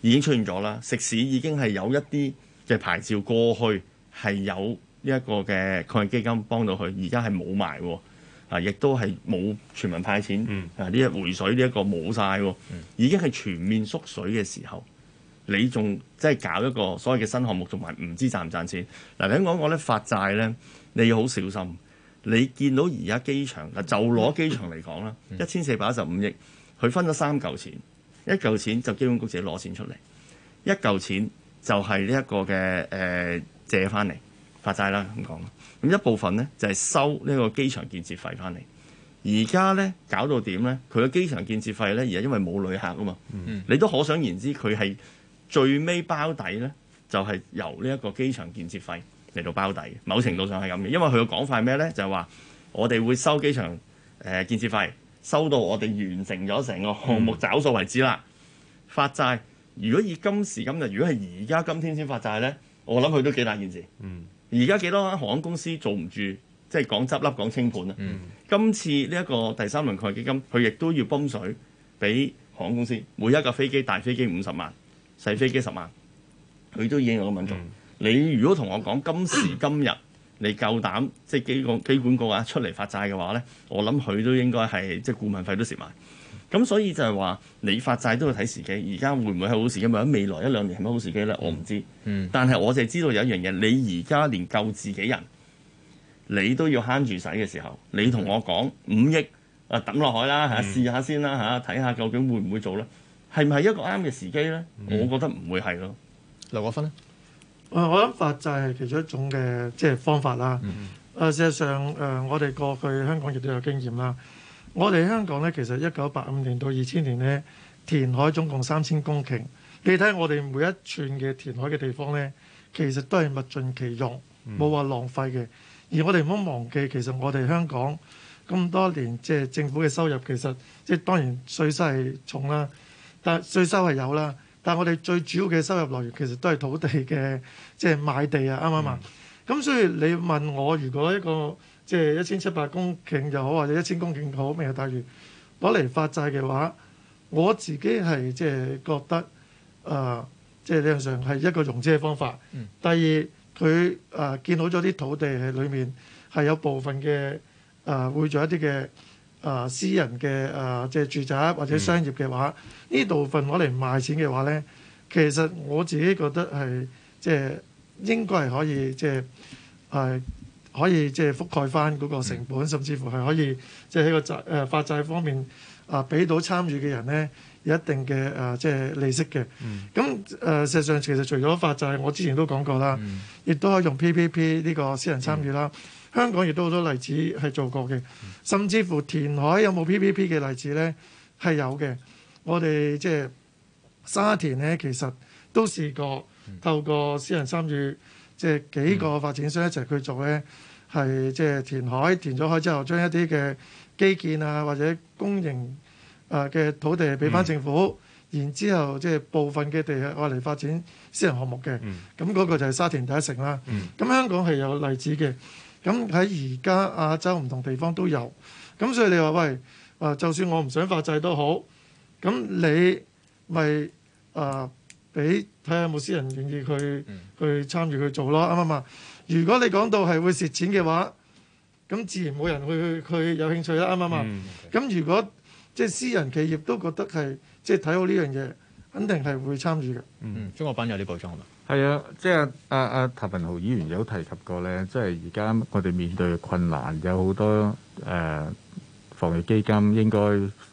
已經出現咗啦。食肆已經係有一啲嘅牌照過去係有呢一個嘅抗疫基金幫到佢，而家係冇埋。啊！亦都係冇全民派錢，啊呢一回水呢一個冇曬，嗯、已經係全面縮水嘅時候，你仲即係搞一個所謂嘅新項目，同埋唔知賺唔賺錢？嗱，你講講咧發債咧，你要好小心。你見到而家機場嗱，就攞機場嚟講啦，一千四百一十五億，佢分咗三嚿錢，一嚿錢就基本局自己攞錢出嚟，一嚿錢就係呢一個嘅誒、呃、借翻嚟。發債啦咁講，咁一部分呢，就係、是、收呢個機場建設費翻嚟。而家呢，搞到點呢？佢個機場建設費呢，而家因為冇旅客啊嘛，嗯、你都可想而知，佢係最尾包底呢，就係、是、由呢一個機場建設費嚟到包底。某程度上係咁嘅，因為佢嘅講法係咩呢？就係、是、話我哋會收機場誒、呃、建設費，收到我哋完成咗成個項目、嗯、找數為止啦。發債，如果以今時今日，如果係而家今天先發債呢，我諗佢都幾大件事。嗯。而家幾多間航空公司做唔住，即係講執笠、講清盤啊！嗯、今次呢一個第三輪抗疫基金，佢亦都要泵水俾航空公司，每一架飛機、大飛機五十萬，細飛機十萬，佢都已經有咁樣做。嗯、你如果同我講今時今日你夠膽即係機管、機管局啊，出嚟發債嘅話咧，我諗佢都應該係即係顧問費都蝕埋。咁所以就係話，你發債都要睇時機，而家會唔會係好時機？咪喺未來一兩年係咪好時機咧？我唔知，但係我就係知道有一樣嘢，你而家連救自己人，你都要慳住使嘅時候，你同我講五億啊抌落海啦嚇、啊，試下先啦嚇，睇、啊、下究竟會唔會做咧？係唔係一個啱嘅時機咧？我覺得唔會係咯、嗯嗯。劉國勳咧，我諗發債係其中一種嘅即係方法啦。嗯、啊，事實上誒、呃，我哋過去香港亦都有經驗啦。我哋香港咧，其實一九八五年到二千年咧，填海總共三千公頃。你睇我哋每一寸嘅填海嘅地方咧，其實都係物盡其用，冇話浪費嘅。而我哋唔好忘記，其實我哋香港咁多年，即係政府嘅收入，其實即係當然稅收係重啦，但係稅收係有啦。但係我哋最主要嘅收入來源，其實都係土地嘅，即係賣地啊，啱唔啱啊？咁所以你問我，如果一個即係一千七百公頃又好，或者一千公頃好，未有大完攞嚟發債嘅話，我自己係即係覺得啊、呃，即係理論上係一個融資嘅方法。第二佢啊、呃、見到咗啲土地喺裏面係有部分嘅啊、呃，會做一啲嘅啊私人嘅啊、呃、即係住宅或者商業嘅話，呢、嗯、部分攞嚟賣錢嘅話咧，其實我自己覺得係即係應該係可以即係係。呃可以即係覆蓋翻嗰個成本，嗯、甚至乎係可以即係喺個債誒、呃、發債方面啊，俾、呃、到參與嘅人咧有一定嘅誒、呃、即係利息嘅。咁誒、嗯呃，實際上其實除咗發債，我之前都講過啦，亦、嗯、都可以用、PP、P P P 呢個私人參與啦。嗯、香港亦都好多例子係做過嘅，嗯、甚至乎填海有冇 P P P 嘅例子咧？係有嘅。我哋即係沙田咧，其實都試過透過私人參與。即係幾個發展商一齊去做呢係即係填海，填咗海之後，將一啲嘅基建啊或者公營嘅土地俾翻政府，嗯、然之後即係部分嘅地係攞嚟發展私人項目嘅。咁嗰、嗯、個就係沙田第一城啦。咁、嗯、香港係有例子嘅。咁喺而家亞洲唔同地方都有。咁所以你話喂，啊、呃、就算我唔想發債都好，咁你咪啊？呃俾睇下有冇私人願意佢去，、嗯、去參與去做咯，啱唔啱啊？如果你講到係會蝕錢嘅話，咁自然冇人去去有興趣啦，啱唔啱啊？咁、嗯 okay. 如果即係私人企業都覺得係即係睇好呢樣嘢，肯定係會參與嘅。嗯，嗯中國版有啲補充啦。係啊，即係阿阿譚文豪議員有提及過咧，即係而家我哋面對嘅困難有好多誒、呃，防疫基金應該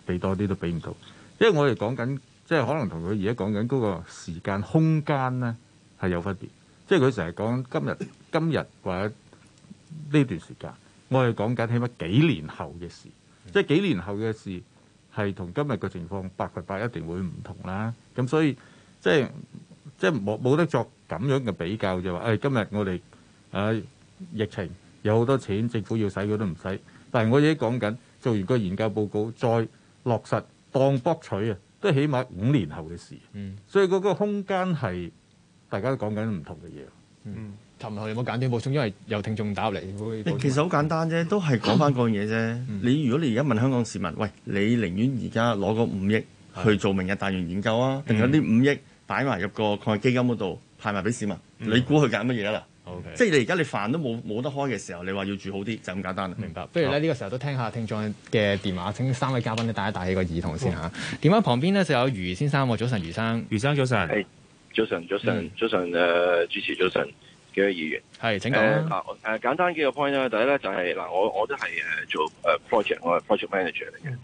俾多啲都俾唔到，因為我哋講緊。即係可能同佢而家講緊嗰個時間空間呢，係有分別，即係佢成日講今日今日或者呢段時間，我係講緊起碼幾年後嘅事。即係幾年後嘅事係同今日嘅情況百分百一定會唔同啦。咁所以即係即係冇冇得作咁樣嘅比較，就話誒今日我哋啊疫情有好多錢，政府要使佢都唔使。但係我而家講緊做完個研究報告再落實當博取啊！都係起碼五年後嘅事，嗯、所以嗰個空間係大家都講緊唔同嘅嘢。琴日、嗯、有冇簡單補充？因為有聽眾打嚟。其實好簡單啫，都係講翻嗰樣嘢啫。 *laughs* 嗯、你如果你而家問香港市民，喂，你寧願而家攞個五億去做明日大嶼研究啊，定係啲五億擺埋入個抗疫基金嗰度派埋俾市民？嗯、你估佢揀乜嘢啊？嗱？Okay. 即係你而家你飯都冇冇得開嘅時候，你話要煮好啲就咁簡單啦。明白。嗯、不如咧呢好個時候都聽下聽眾嘅電話，請三位嘉賓咧帶一帶起個耳筒先嚇。電話，哦啊、旁邊咧就有余先生，早晨余生。余生早晨。係早，嗯、早晨，早晨，早、呃、晨。誒主持早晨。幾位議員。係請講啦。嗱誒、呃呃呃、簡單幾個 point 啦、就是呃呃嗯。第一咧就係嗱，我我都係誒做誒 project，我係 project manager 嚟嘅。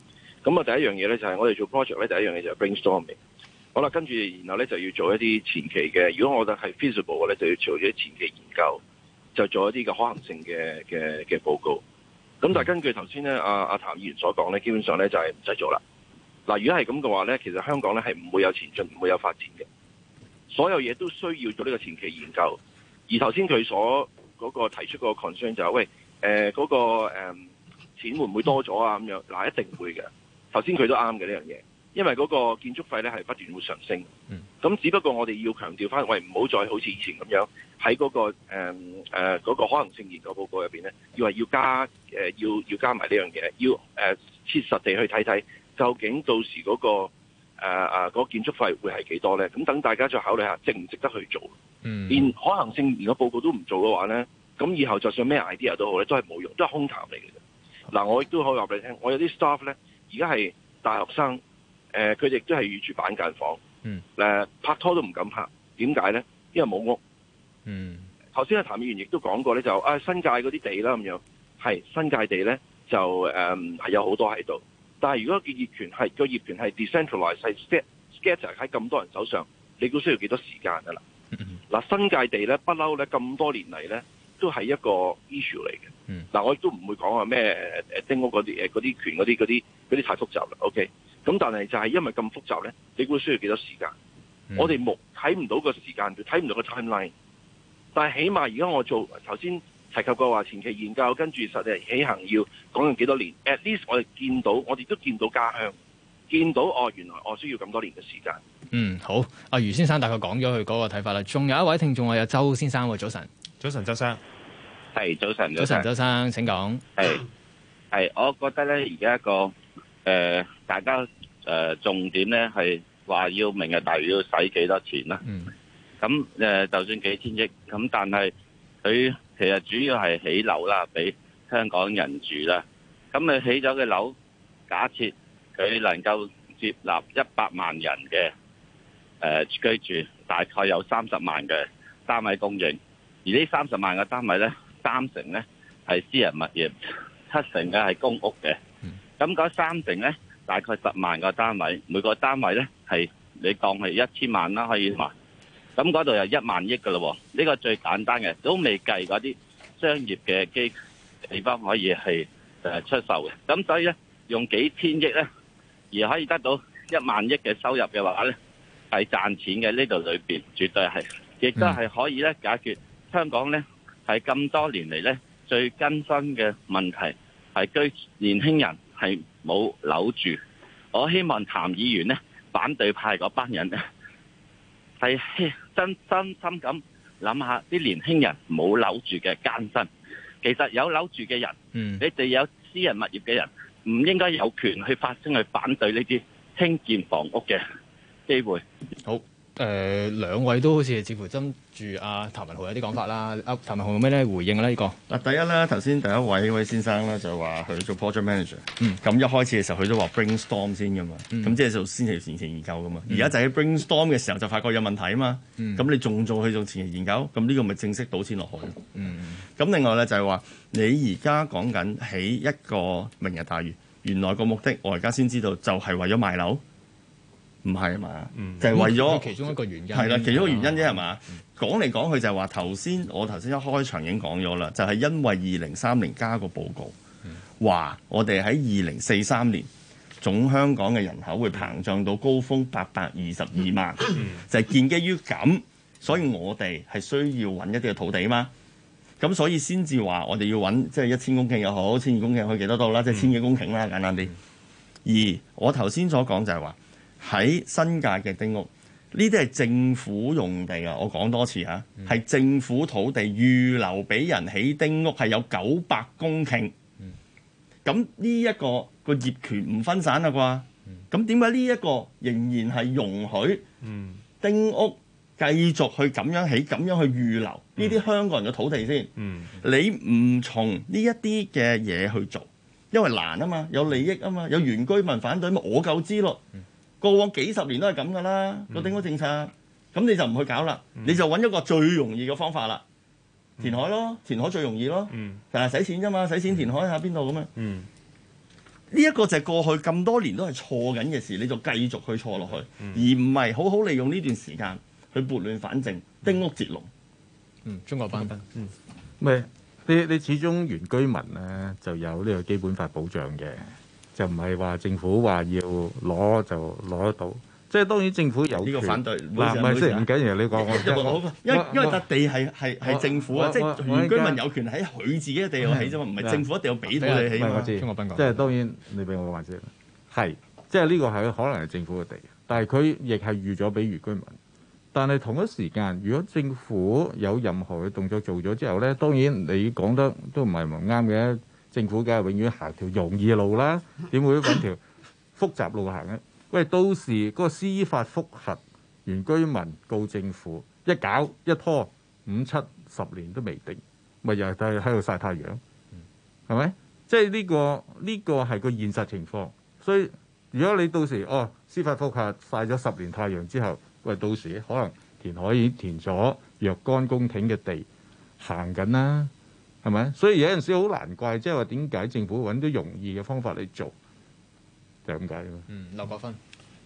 咁啊第一樣嘢咧就係我哋做 project 咧第一樣嘢就 brainstorming 好啦，跟住然後咧就要做一啲前期嘅。如果我哋係 feasible 嘅咧，就要做一啲前，前期研究，就做一啲嘅可行性嘅嘅嘅報告。咁但係根據頭先咧，阿、啊、阿、啊、譚議員所講咧，基本上咧就係唔使做啦。嗱，如果係咁嘅話咧，其實香港咧係唔會有前進，唔會有發展嘅。所有嘢都需要做呢個前期研究。而頭先佢所嗰個提出個 concern 就係、係、喂，誒、呃、嗰、嗰個誒、嗯、錢會唔會多咗啊？咁樣嗱，一定會嘅。頭先佢都啱嘅呢樣嘢。因為嗰個建築費咧係不斷會上升，咁、嗯、只不過我哋要強調翻，我哋唔好再好似以前咁樣喺嗰、那個誒誒、呃呃那個、可能性研究報告入邊咧，要係要加誒要、呃、要加埋呢樣嘢，要誒、呃、切實地去睇睇究竟到時嗰、那個誒啊、呃那個、建築費會係幾多咧？咁等大家再考慮下值唔值得去做。嗯、連可能性研究報告都唔做嘅話咧，咁以後就算咩 idea 都好咧，都係冇用，都係空談嚟嘅啫。嗱，我亦都可以話俾你聽，我有啲 staff 咧，而家係大學生。誒，佢亦都係預住板間房，誒、mm. 呃、拍拖都唔敢拍，點解咧？因為冇屋、mm. 啊。嗯。頭先阿譚議員亦都講過咧，就啊新界嗰啲地啦，咁樣係新界地咧就誒係有好多喺度，但係如果個業權係個 *laughs* 業權係 decentralised，scatter 喺咁多人手上，你估需要幾多時間、mm. 啊？嗱，嗱新界地咧，不嬲咧，咁多年嚟咧都係一個 issue 嚟嘅。嗱、mm.，我亦都唔會講話咩誒丁屋嗰啲誒嗰啲權嗰啲啲啲太複雜啦。OK。咁但係就係因為咁複雜咧，你估需要幾多時間？嗯、我哋目睇唔到個時間就睇唔到個 timeline。但係起碼而家我做頭先提及過話前期研究，跟住實際起行要講緊幾多年。At least 我哋見到，我哋都見到家鄉，見到哦原來我需要咁多年嘅時間。嗯，好。阿余先生大概講咗佢嗰個睇法啦。仲有一位聽眾我有周先生，早晨。早晨，周生。係早晨，早晨，早晨周生，請講。係係，我覺得咧而家一個。誒，大家誒重點咧係話要明日大約要使幾多錢啦。咁誒，就算幾千億，咁但係佢其實主要係起樓啦，俾香港人住啦。咁你起咗嘅樓，假設佢能夠接納一百萬人嘅誒居住，大概有三十萬嘅單位供應，而呢三十萬嘅單位咧，三成咧係私人物業，七成嘅係公屋嘅。咁嗰三成咧，大概十萬個單位，每個單位咧係你當係一千萬啦，可以嘛？咁嗰度有一萬億噶咯喎，呢個最簡單嘅，都未計嗰啲商業嘅機地方可以係誒出售嘅。咁所以咧，用幾千億咧，而可以得到一萬億嘅收入嘅話咧，係賺錢嘅。呢度裏邊絕對係，亦都係可以咧解決香港咧係咁多年嚟咧最根深嘅問題係居年輕人。係冇扭住，我希望譚議員呢，反對派嗰班人呢，係真真心咁諗下啲年輕人冇扭住嘅艱辛。其實有扭住嘅人，嗯，你哋有私人物業嘅人，唔應該有權去發聲去反對呢啲興建房屋嘅機會。好。誒、呃、兩位都好似似乎針住阿譚文豪有啲講法啦，阿、啊、譚文豪有咩咧回應咧？呢個啊第一啦，頭先第一位嗰位先生咧就話佢做 project manager，咁、嗯、一開始嘅時候佢都話 brainstorm 先噶嘛，咁、嗯、即係做先期前期研究噶嘛，而家、嗯、就喺 brainstorm 嘅時候就發覺有問題啊嘛，咁、嗯、你仲做佢做前期研究，咁呢個咪正式賭錢落去咯。咁、嗯、另外咧就係話你而家講緊起一個明日大嶼，原來個目的我而家先知道就係為咗賣樓。唔係啊嘛，嗯、就係為咗其中一個原因，係啦的，其中一個原因啫係嘛。講嚟講去就係話頭先，我頭先一開場已經講咗啦，就係、是、因為二零三零加個報告，話、嗯、我哋喺二零四三年總香港嘅人口會膨脹到高峰八百二十二萬，嗯嗯、就係建基於咁，所以我哋係需要揾一啲嘅土地嘛。咁所以先至話我哋要揾即係一千公頃又好，千二公頃去幾多度啦，即係千幾公頃啦，簡單啲。嗯、而我頭先所講就係話，喺新界嘅丁屋，呢啲係政府用地啊！我講多次吓，係、嗯、政府土地預留俾人起丁屋，係有九百公頃。咁呢一個個業權唔分散啦啩？咁點解呢一個仍然係容許丁屋繼續去咁樣起，咁樣去預留呢啲香港人嘅土地先？嗯嗯、你唔從呢一啲嘅嘢去做，因為難啊嘛，有利益啊嘛，有原居民反對嘛，我夠知咯。過往幾十年都係咁噶啦，個丁屋政策，咁你就唔去搞啦，嗯、你就揾一個最容易嘅方法啦，填海咯，填海最容易咯，就係使錢啫嘛，使錢填海喺邊度咁樣。呢一、嗯、個就係過去咁多年都係錯緊嘅事，你就繼續去錯落去，嗯、而唔係好好利用呢段時間去撥亂反正，丁屋接龍。嗯，中國班班，嗯，咩、嗯嗯？你你始終原居民呢、啊、就有呢個基本法保障嘅。就唔係話政府話要攞就攞得到，即係當然政府有權呢個反對，唔係唔係，即係唔緊要。你講我因為因為笪地係係係政府啊，即係原居民有權喺佢自己嘅地度起啫嘛，唔係政府一定要俾到你起。我知，鍾國斌講即係當然你俾我個話先，係即係呢個係可能係政府嘅地，但係佢亦係預咗俾原居民。但係同一時間，如果政府有任何嘅動作做咗之後咧，當然你講得都唔係唔啱嘅。政府梗係永遠行條容易路啦，點會揾條複雜路行咧？喂，到時嗰個司法復核，原居民告政府，一搞一拖五七十年都未定，咪又係喺度曬太陽，係咪？即係呢個呢個係個現實情況。所以如果你到時哦司法復核曬咗十年太陽之後，喂，到時可能填海已填咗若干公頃嘅地，行緊啦。係咪？所以有陣時好難怪，即係話點解政府揾咗容易嘅方法嚟做，就係咁解咯。嗯，劉國勳，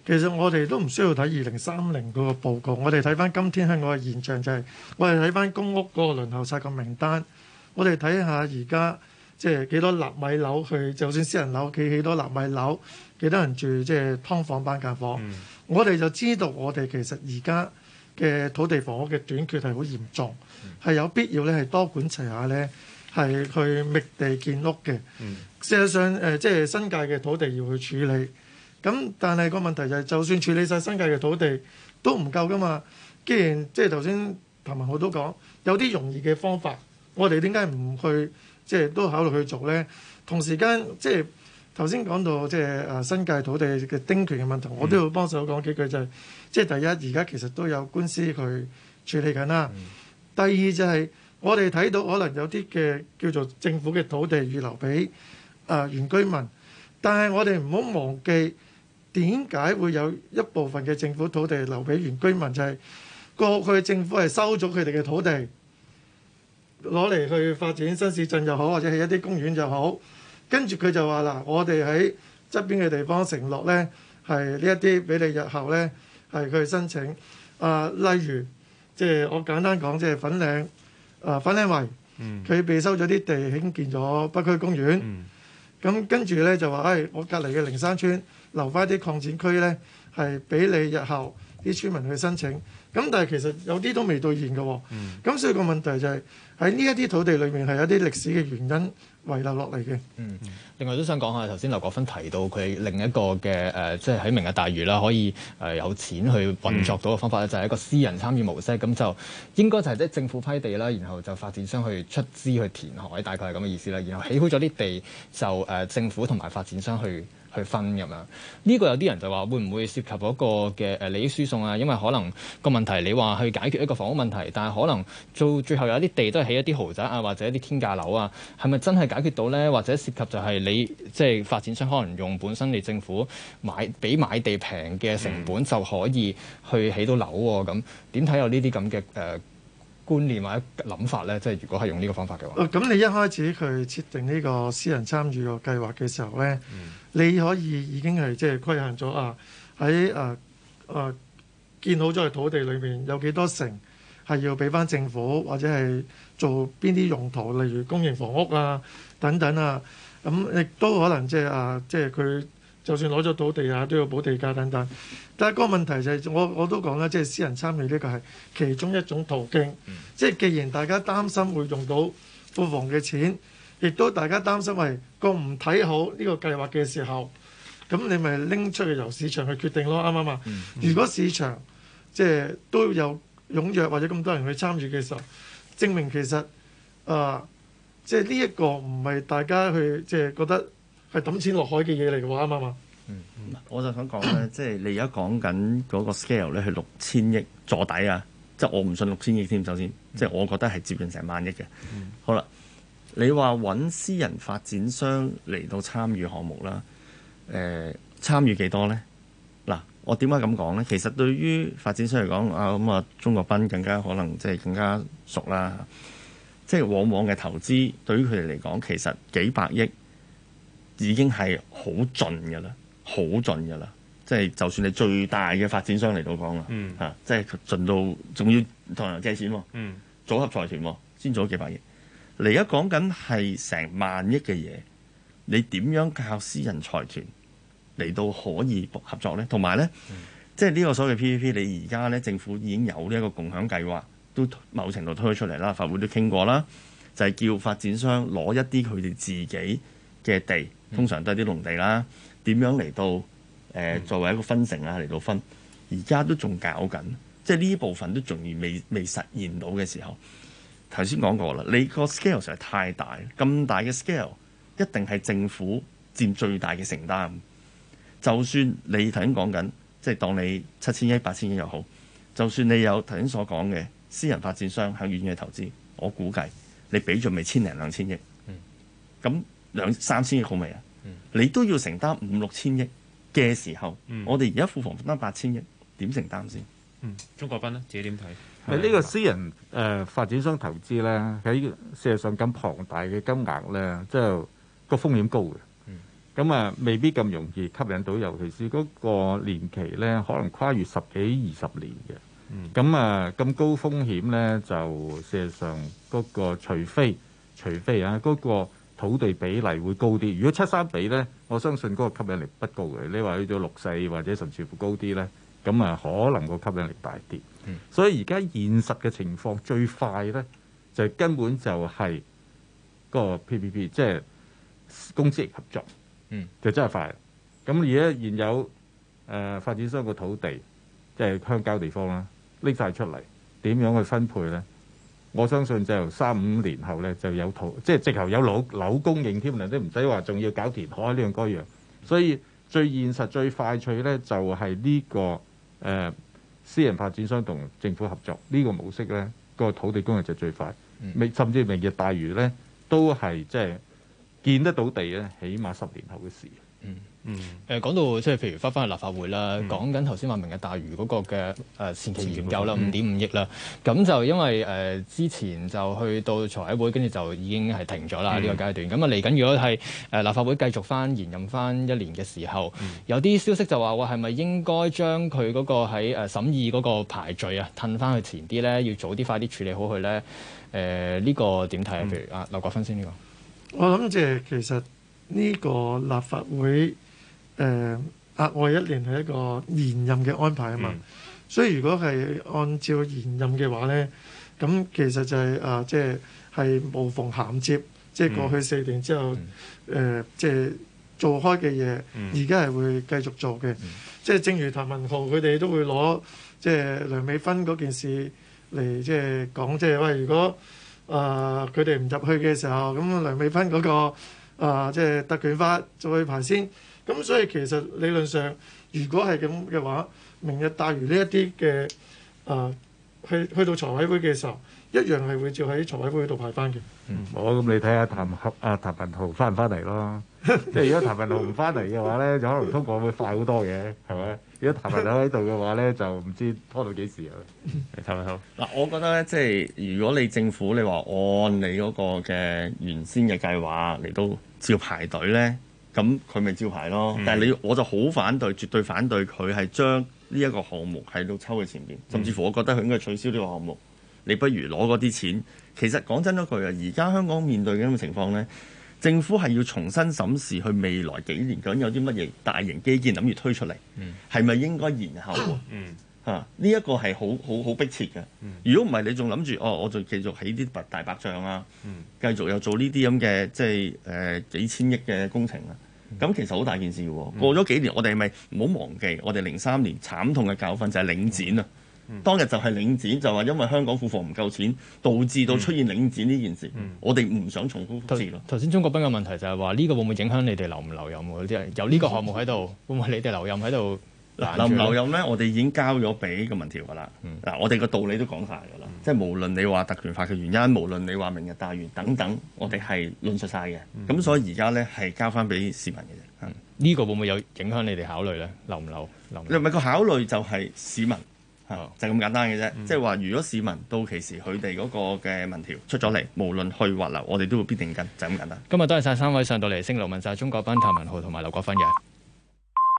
其實我哋都唔需要睇二零三零嗰個報告，我哋睇翻今天香港嘅現象就係，我哋睇翻公屋嗰個輪候冊嘅名單，我哋睇下而家即係幾多納米樓去，就算私人樓，幾幾多納米樓，幾多人住即係劏房、板間房，我哋就知道我哋其實而家。嘅土地房屋嘅短缺係好嚴重，係、嗯、有必要咧，係多管齊下咧，係去覓地建屋嘅。事、嗯、實上，誒、呃，即、就、係、是、新界嘅土地要去處理咁，但係個問題就係、是、就算處理晒新界嘅土地都唔夠噶嘛。既然即係頭先，譚文豪都講有啲容易嘅方法，我哋點解唔去即係、就是、都考慮去做咧？同時間，即、就、係、是。頭先講到即係誒新界土地嘅丁權嘅問題，我都要幫手講幾句就係，即係第一而家其實都有官司去處理緊啦。第二就係我哋睇到可能有啲嘅叫做政府嘅土地預留俾誒原居民，但係我哋唔好忘記點解會有一部分嘅政府土地留俾原居民，就係過去政府係收咗佢哋嘅土地攞嚟去發展新市鎮又好，或者係一啲公園又好。跟住佢就話嗱，我哋喺側邊嘅地方承諾呢，係呢一啲俾你日後呢，係佢去申請。啊、呃，例如即係我簡單講，即係粉嶺，啊、呃、粉嶺圍，佢被收咗啲地，興建咗北區公園。咁、嗯、跟住呢，就話，唉、哎，我隔離嘅靈山村留翻啲擴展區呢，係俾你日後啲村民去申請。咁但係其實有啲都未兌現嘅喎、哦，咁、嗯、所以個問題就係喺呢一啲土地裏面係有啲歷史嘅原因遺留落嚟嘅。嗯，另外都想講下頭先劉國勳提到佢另一個嘅誒，即係喺明日大漁啦，可以誒、呃、有錢去運作到嘅方法咧，就係、是、一個私人參與模式。咁就應該就係即政府批地啦，然後就發展商去出資去填海，大概係咁嘅意思啦。然後起好咗啲地，就誒、呃、政府同埋發展商去。去分咁樣，呢、這個有啲人就話會唔會涉及嗰個嘅誒利益輸送啊？因為可能個問題你話去解決一個房屋問題，但係可能做最後有一啲地都係起一啲豪宅啊，或者一啲天價樓啊，係咪真係解決到咧？或者涉及就係你即係、就是、發展商可能用本身你政府買比買地平嘅成本就可以去起到樓喎、啊？咁點睇有呢啲咁嘅誒。呃觀念或者諗法咧，即係如果係用呢個方法嘅話，咁、啊、你一開始佢設定呢個私人參與個計劃嘅時候咧，嗯、你可以已經係即係規限咗啊喺誒誒建好咗嘅土地裏面有幾多成係要俾翻政府，或者係做邊啲用途，例如公營房屋啊等等啊，咁、嗯、亦都可能即係啊即係佢就算攞咗土地啊，都要補地價等等。但係嗰個問題就係、是、我我都講啦，即係私人參與呢個係其中一種途徑。嗯、即係既然大家擔心會用到庫房嘅錢，亦都大家擔心係個唔睇好呢個計劃嘅時候，咁你咪拎出去由市場去決定咯，啱唔啱啊？嗯、如果市場即係都有踴躍或者咁多人去參與嘅時候，證明其實啊、呃，即係呢一個唔係大家去即係覺得係揼錢落海嘅嘢嚟嘅話，啱唔啱啊？嗯嗯嗯。嗯嗯、我就想講咧， *coughs* 即係你而家講緊嗰個 scale 咧，係六千億坐底啊！即係我唔信六千億添，首先，嗯、即係我覺得係接近成萬億嘅。嗯、好啦，你話揾私人發展商嚟到參與項目啦，誒、呃，參與幾多呢？嗱，我點解咁講呢？其實對於發展商嚟講，啊咁啊，鍾、嗯、國斌更加可能即係更加熟啦。即係往往嘅投資對於佢哋嚟講，其實幾百億已經係好盡㗎啦。好盡噶啦，即係就算你最大嘅發展商嚟到講啦，嚇、嗯啊，即係盡到仲要同人借錢、啊，嗯、組合財團、啊、先組咗幾百億嚟。而家講緊係成萬億嘅嘢，你點樣靠私人財團嚟到可以合作呢？同埋呢，嗯、即係呢個所謂 P P P，你而家呢政府已經有呢一個共享計劃，都某程度推咗出嚟啦，法會都傾過啦，就係、是、叫發展商攞一啲佢哋自己嘅地，通常都係啲農地啦。點樣嚟到誒、呃、作為一個分成啊嚟到分，而家都仲搞緊，即係呢一部分都仲未未實現到嘅時候。頭先講過啦，你個 scale 實在太大，咁大嘅 scale 一定係政府佔最大嘅承擔。就算你頭先講緊，即係當你七千億、八千億又好，就算你有頭先所講嘅私人發展商向遠嘅投資，我估計你俾咗未千零兩千億，咁兩三千億好未啊？你都要承擔五六千億嘅時候，嗯、我哋而家庫房負擔八千億，點承擔先？嗯，鍾國斌咧，自己點睇？呢個私人誒、呃、發展商投資呢，喺事實上咁龐大嘅金額呢，即係個風險高嘅。嗯，咁啊，未必咁容易吸引到，尤其是嗰個年期呢，可能跨越十幾二十年嘅。嗯，咁啊，咁高風險呢，就事實上嗰個除非除非啊嗰、嗰個。土地比例會高啲，如果七三比呢，我相信嗰個吸引力不高嘅。你話去到六四或者甚至乎高啲呢，咁啊可能個吸引力大啲。嗯、所以而家現實嘅情況最快呢，就根本就係嗰個 PPP，即係公私合作，就真係快。咁而家現有誒、呃、發展商個土地即係、就是、鄉郊地方啦，拎晒出嚟，點樣去分配呢？我相信就三五年後咧就有土，即係直頭有樓樓，樓供應添，都唔使話仲要搞填海呢樣嗰樣。所以最現實最快脆咧，就係、是、呢、這個誒、呃、私人發展商同政府合作呢、這個模式咧，這個土地供應就最快。明甚至明日大嶼咧，都係即係見得到地咧，起碼十年後嘅事。嗯嗯，誒、嗯呃、講到即係譬如翻翻去立法會啦，嗯、講緊頭先話明日大嶼嗰個嘅誒、呃、前期研究啦，五點五億啦，咁就因為誒、呃、之前就去到財委會，跟住就已經係停咗啦呢個階段。咁啊嚟緊如果係誒立法會繼續翻延任翻一年嘅時候，嗯、有啲消息就話我係咪應該將佢嗰個喺誒審議嗰個排序啊，褪翻去前啲咧，要早啲快啲處理好佢咧？誒、呃這個、呢個點睇啊？譬如阿、嗯、劉國勳先呢個，嗯、我諗即係其實。呢個立法會誒、呃、額外一年係一個延任嘅安排啊嘛、嗯，所以如果係按照延任嘅話咧，咁其實就係、是、啊，即係係無縫銜接，即、就、係、是、過去四年之後誒，即係、嗯呃就是、做開嘅嘢，而家係會繼續做嘅，即係、嗯、正如譚文豪佢哋都會攞即係梁美芬嗰件事嚟即係講，即係喂，如果啊佢哋唔入去嘅時候，咁梁美芬嗰、嗰個。啊，即係特權法再排先，咁所以其實理論上，如果係咁嘅話，明日大嶼呢一啲嘅啊，去去到財委會嘅時候，一樣係會照喺財委會度排翻嘅。嗯，我咁你睇下譚合啊譚文豪翻唔翻嚟咯？即係 *laughs* 如果譚文豪唔翻嚟嘅話咧，就可能通過會快好多嘅，係咪？如果談朋友喺度嘅話咧，就唔知拖到幾時啊！談朋友嗱，我覺得咧，即係如果你政府你話按你嗰個嘅原先嘅計劃嚟到照排隊咧，咁佢咪照排咯。但係你我就好反對，絕對反對佢係將呢一個項目喺度抽嘅前面，甚至乎我覺得佢應該取消呢個項目。你不如攞嗰啲錢。其實講真一句啊，而家香港面對咁嘅情況咧。政府係要重新審視佢未來幾年究竟有啲乜嘢大型基建諗住推出嚟，係咪、嗯、應該延後？嚇、嗯，呢一、啊呢個係好好好迫切嘅。如果唔係，你仲諗住哦，我就繼續起啲白大白象啊，嗯、繼續又做呢啲咁嘅即係誒、呃、幾千億嘅工程啊？咁、嗯、其實好大件事喎、啊。過咗幾年，我哋係咪唔好忘記，我哋零三年慘痛嘅教訓就係領展啊。嗯當日就係領展就話，因為香港庫房唔夠錢，導致到出現領展呢件事。嗯嗯、我哋唔想重複復製咯。頭先鍾國斌嘅問題就係話，呢、這個會唔會影響你哋留唔留任嗰啲？有呢個項目喺度，會唔會你哋留任喺度？嗱，留唔留任呢？我哋已經交咗俾個民調噶啦。嗱、嗯，我哋個道理都講晒噶啦。嗯、即係無論你話特權法嘅原因，無論你話明日大嶼等等，我哋係論述晒嘅。咁、嗯、所以而家呢，係交翻俾市民嘅。呢、嗯、個會唔會有影響你哋考慮呢？留唔留？留唔留？你唔係個考慮就係市民。Oh. 就咁簡單嘅啫，即係話，如果市民到其時佢哋嗰個嘅民調出咗嚟，無論去或留，我哋都會必定跟，就咁簡單。今日多謝晒三位上到嚟，星島問晒鍾國斌譚文豪同埋劉國勳嘅。